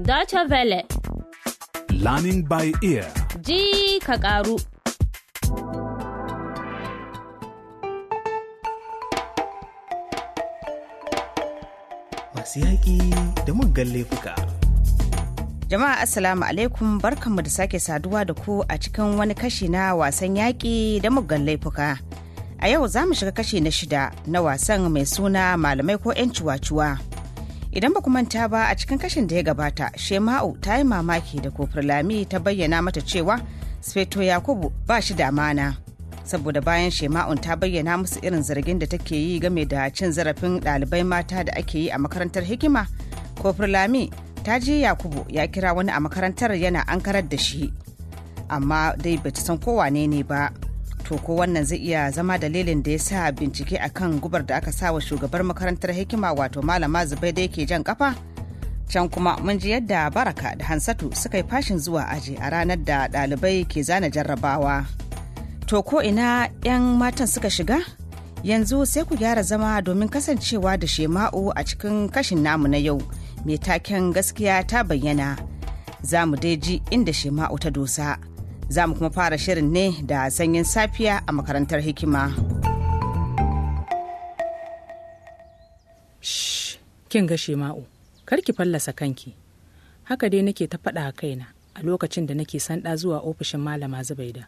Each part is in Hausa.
Deutsche Welle. Learning by ear. Ji ka karu. Masu yaƙi da muggan laifuka. Jama'a Assalamu alaikum barkanmu da sake saduwa da ku a cikin wani kashi na wasan yaƙi da muggan laifuka. A yau za mu shiga kashi na shida na wasan mai suna malamai ko 'yan ciwa-ciwa. idan ba manta ba a cikin kashin da ya gabata shema'u ta yi mamaki da kofar lami ta bayyana mata cewa sfeto yakubu ba shi da amana saboda bayan shema'un ta bayyana musu irin zargin da take yi game da cin zarafin ɗalibai mata da ake yi a makarantar hikima kofar lami ta ji yakubu ya kira wani a makarantar yana ankarar da shi amma dai bata san kowane ne ba to ko wannan zai iya zama dalilin da ya sa bincike akan gubar da aka sawa shugabar makarantar hikima wato malama zubai da yake jan kafa can kuma mun ji yadda baraka da hansatu suka yi fashin zuwa aji a ranar da ɗalibai ke zana jarrabawa to ko ina 'yan matan suka shiga yanzu sai ku gyara zama domin kasancewa da shema'u a cikin kashin namu na yau mai taken gaskiya ta bayyana za mu dai ji inda shema'u ta dosa za mu kuma fara shirin ne da sanyin safiya a makarantar hikima kin ga ma'u, kar ki fallasa kanki haka dai nake ta faɗa a kaina a lokacin da nake sanda zuwa ofishin malama zubaida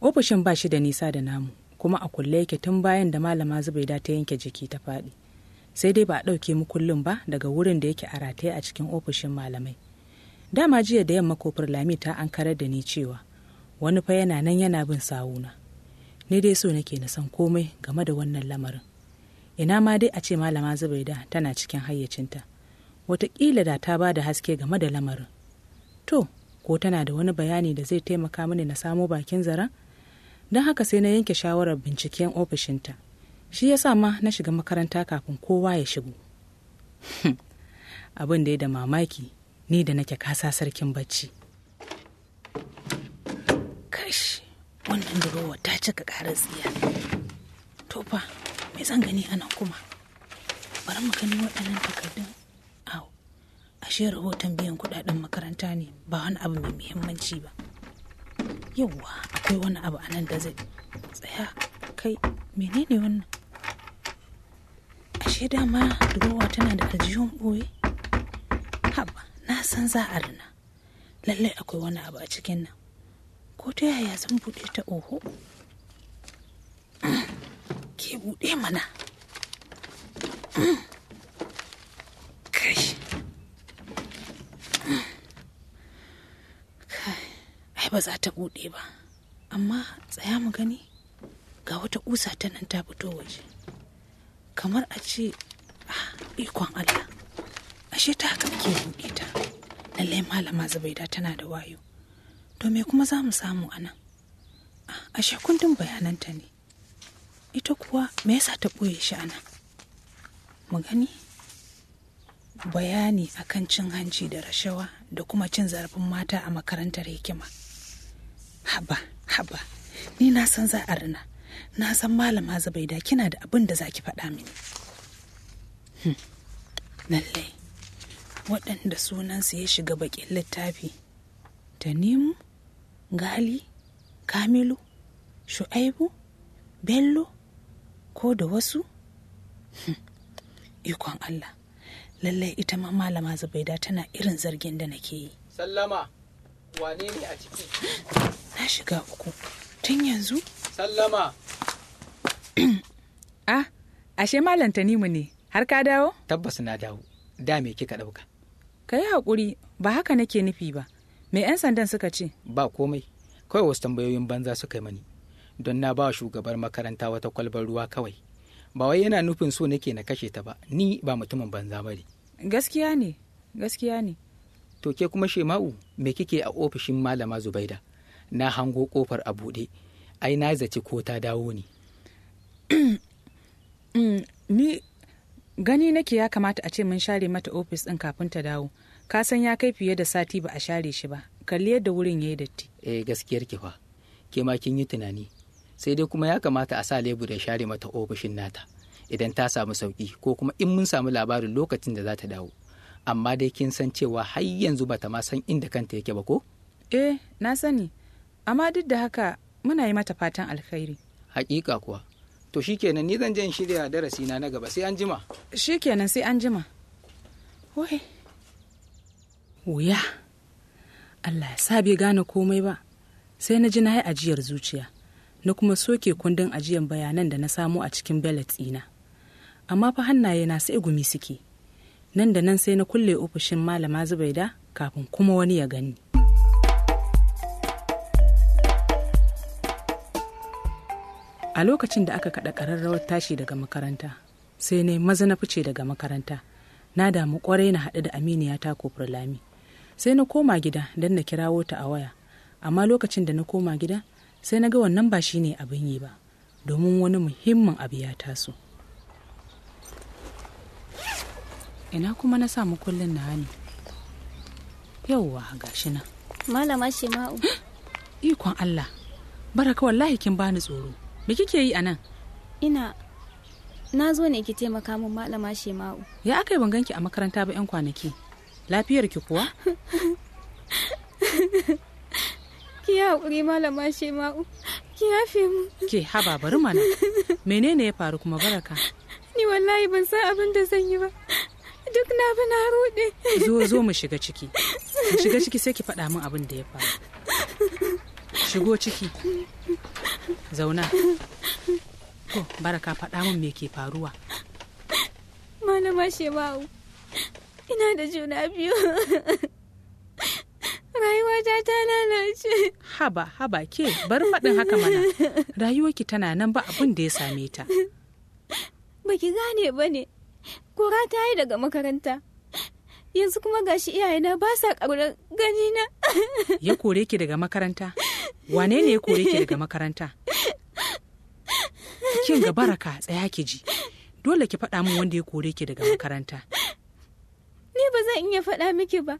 ofishin ba shi da nisa da namu kuma a kulle yake tun bayan da malama zubaida ta yanke jiki ta faɗi sai dai ba a ɗauke mu kullum ba daga wurin da yake a rataye a cikin ofishin malamai dama jiya da yamma kofar lami ta an karar da ni cewa wani fa yana nan yana bin sawuna ni dai so nake na san komai game da wannan lamarin ina ma dai a ce malama zubaida tana cikin hayyacinta wataƙila da ta ba da haske game da lamarin to ko tana da wani bayani da zai taimaka mini na samo bakin zara, don haka sai na yanke shawarar binciken ofishinta shi ya sa ma na shiga makaranta kafin kowa ya shigo abin da ya da mamaki ni da nake kasa sarkin bacci kashi wannan durowar ta cika karar tsiya tofa mai zan gani anan kuma bari mu gani waɗannan takardun awo ashe rahoton biyan kuɗaɗen makaranta ne ba wani abu mai muhimmanci ba yauwa akwai wani abu a nan da zai tsaya kai menene wannan ashe dama durowa tana da aljihun ɓoye haba na san za a rina lallai akwai wani abu a cikin nan ko ta yaya zan buɗe ta oho ke buɗe mana ai ba za ta buɗe ba amma tsaya mu gani ga wata ƙusa ta nan ta fito waje kamar a ce ah, ikon Allah ashe ta haka ke buɗe ta lallai malama zubaida tana da wayo to me kuma za mu samu a nan ah, ashe kundin bayananta ne ita kuwa me yasa ta ɓoye shi a nan mu gani bayani akan cin hanci da rashawa da kuma cin zarafin mata a makarantar hikima haba haba ni na san za a rina na san malama zubaida kina da abin da za ki faɗa mini hmm. lallai waɗanda sunansu ya shiga baƙin littafi da nemo gali kamilu shu'aibu bello ko da wasu hmm, ikon allah lallai ita ma malama zubaida tana irin zargin da nake yi sallama wane ne a ciki na shiga uku tun yanzu sallama ah ashe malam tanimu ne har ka dawo tabbas na dawo da me kika ɗauka ka yi haƙuri ba haka nake nufi ba me 'yan sandan suka ce ba komai kawai wasu tambayoyin banza suka yi mani don na ba shugabar makaranta wata kwalbar ruwa kawai ba wai yana nufin so nake na kashe ta ba ni ba mutumin banza ba ne gaskiya ne gaskiya ne to ke kuma shema'u me kike a ofishin malama zubaida na hango kofar a buɗe ai na zaci ko ta dawo ne mm, ni gani nake ya kamata a ce mun share mata ofis ɗin kafin ta dawo ka san ya kai fiye da sati ba a share shi ba kalli yadda wurin ya yi datti eh gaskiyar ki fa ke ma kin yi tunani sai dai kuma ya kamata a sa lebur ya share mata ofishin nata idan ta samu sauki ko kuma in mun samu labarin lokacin da za ta dawo amma dai kin san cewa har yanzu bata ma san inda kanta yake ba ko eh na sani amma duk da haka muna yi mata fatan alkhairi hakika kuwa to shikenan ni zan je in shirya darasi na na gaba sai an jima shikenan sai an jima wuya allah ya sa bai gane komai ba sai na ji na yi ajiyar zuciya na kuma soke kundin ajiyar bayanan da na samo a cikin belet ɗina amma fa hannaye na sai gumi suke nan da nan sai na kulle ofishin malama zubaida kafin kuma wani ya gani a lokacin da aka kaɗa ƙararrawar tashi daga makaranta sai na maza na fice daga makaranta na damu kwarai na haɗu da aminiya ta kofar lami sai na koma gida don na kirawo ta a waya amma lokacin da na koma gida sai na ga wannan ba shi ne abin yi ba domin wani muhimmin abu ya taso ina kuma na samu kullun na hani yauwa gashi na malama shema'u ikon allah baraka wallahi kin bani tsoro me kike yi anan ina na zo ne ki taimaka min malama shema'u ya aka yi ban ganki a makaranta ba yan kwanaki lafiyarki kuwa ki haƙuri malama shema'u ki yafe mu ke haba bari mana menene ya faru kuma baraka ni wallahi ban san abin da zan yi ba duk na bi na rude zo zo mu shiga ciki mu shiga ciki sai ki faɗa min abin da ya faru shigo ciki zauna ko baraka faɗa min me ke faruwa malama shema'u ina da juna biyu rayuwa ta lalace haba haba ke bar faɗin haka mana rayuwarki tana nan ba abin da ya same ta Ba ki gane ba ne kora ta yi daga makaranta yanzu kuma gashi iyayena ba sa ƙaunar ganina ya kore ki daga makaranta wane ne ya kore ki daga makaranta kin ga baraka tsaya ki ji dole ki faɗa min wanda ya kore ki daga makaranta ba zan iya faɗa miki ba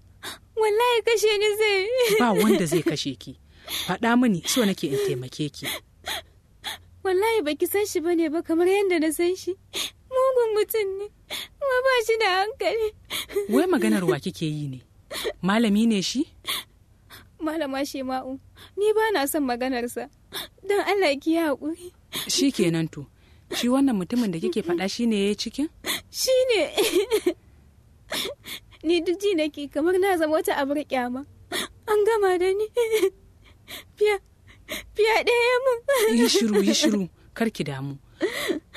wallahi kashe ni zai ba wanda zai kashe ki faɗa mini so nake in taimake ki wallahi baki san shi bane ba kamar yadda na san shi mugun mutum ne kuma ba shi da hankali wai maganar wa kike yi ne malami ne shi malama shema'u ni ba na son maganarsa don allah ki ya haƙuri shi kenan to shi wannan mutumin da kike faɗa shi ne ya cikin shi ne ni duk ji nake kamar na zama wata abar kyama an gama da ni fiya fiya ɗaya mun yi shiru yi shiru kar ki damu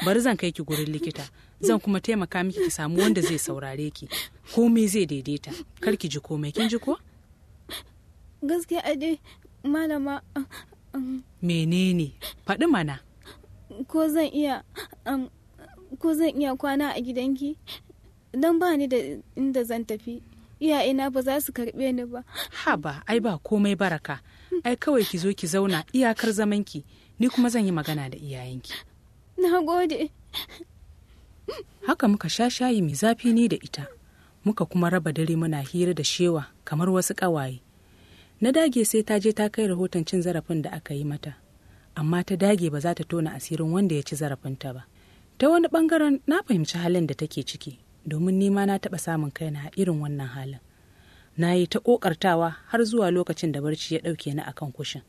bari zan kai ki gurin likita zan kuma taimaka miki ki samu wanda zai saurare ki komai zai daidaita kar ki ji komai kin ji ko gaskiya a dai malama um, menene faɗi mana ko zan iya um, ko zan iya kwana a gidanki don ba ni da inda zan tafi iyayena ba za su karɓe ni ba Ha ba, ai ba komai baraka ai kawai ki zo ki zauna iyakar zamanki ni kuma zan yi magana da iyayenki na gode haka muka sha shayi mai zafi ni da ita muka kuma raba dare muna hira da shewa kamar wasu ƙawaye na dage sai ta je ta kai rahoton cin zarafin da aka yi mata amma ta dage ba za ta tona asirin wanda ya ci zarafinta ba ta wani bangaren na fahimci halin da take ciki domin nima na taɓa samun kaina a irin wannan halin na yi ta ƙoƙartawa har zuwa lokacin da barci ya ɗauke ni akan kushin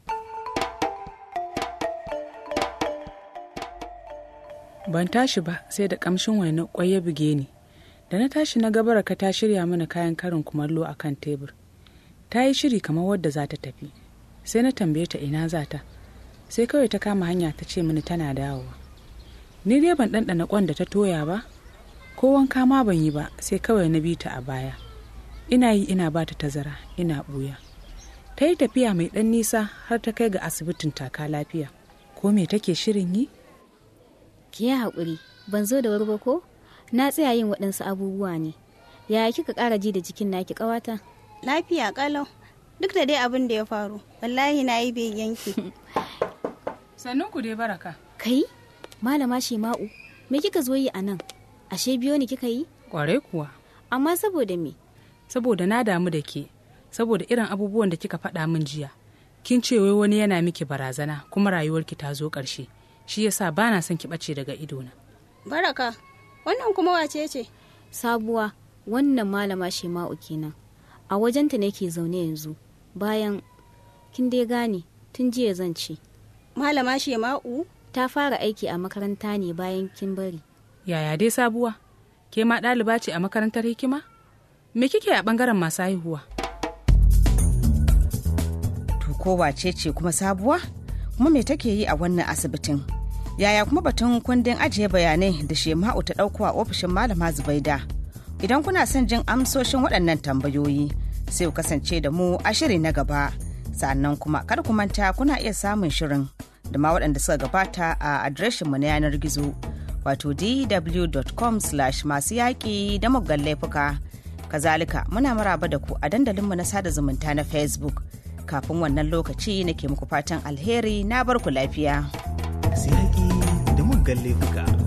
ban tashi ba sai da ƙamshin wani ƙwai ya buge ni da na tashi na ka ta shirya mana kayan karin kumallo a kan tebur ta yi shiri kamar wadda za ta tafi sai na tambaye ta ina za ta sai kawai ta kama hanya ta ce mini tana dawowa ni dai ban ɗanɗana ƙwan da ta toya ba ko wanka ma ban yi ba sai kawai na bi ta a baya ina yi ina bata tazara ina buya ta yi tafiya mai ɗan nisa har ta kai ga asibitin taka lafiya ko me take shirin yi ki yi haƙuri ban zo da wuri ko na tsaya yin waɗansu abubuwa ne ya kika ƙara ji da jikin naki ƙawata lafiya ƙalau duk da dai abin da ya faru wallahi na yi bai yanki sannan ku dai baraka kai malama shima'u me kika zo yi a nan ashe biyo ne kika yi kwarai kuwa amma saboda me saboda na damu da ke saboda irin abubuwan da kika faɗa min jiya kin ce wai wani yana miki barazana kuma rayuwarki ta zo ƙarshe shi yasa ba na son ki ɓace daga idona baraka wannan kuma wace ce sabuwa wannan malama shema'u kenan a wajenta ne ke zaune yanzu bayan kin dai gane tun jiya zan ce malama shema'u ta fara aiki a makaranta ne bayan kin bari yaya dai sabuwa ke ma ɗaliba ce a makarantar hikima me kike a ɓangaren masu haihuwa to ko wace ce kuma sabuwa kuma me take yi a wannan asibitin yaya kuma batun kundin ajiye bayanai da shema'u ta ɗauko a ofishin malama zubaida idan kuna son jin amsoshin waɗannan tambayoyi sai ku kasance da mu a shiri na gaba sannan kuma kar ku manta kuna iya samun shirin da ma waɗanda suka gabata a adireshinmu na yanar gizo wato dw.com slash masu yaƙi da muggan laifuka kazalika muna maraba da ku a dandalinmu na sada zumunta na facebook kafin wannan lokaci nake muku fatan alheri na barku lafiya. Masu yaƙi da muggan laifuka.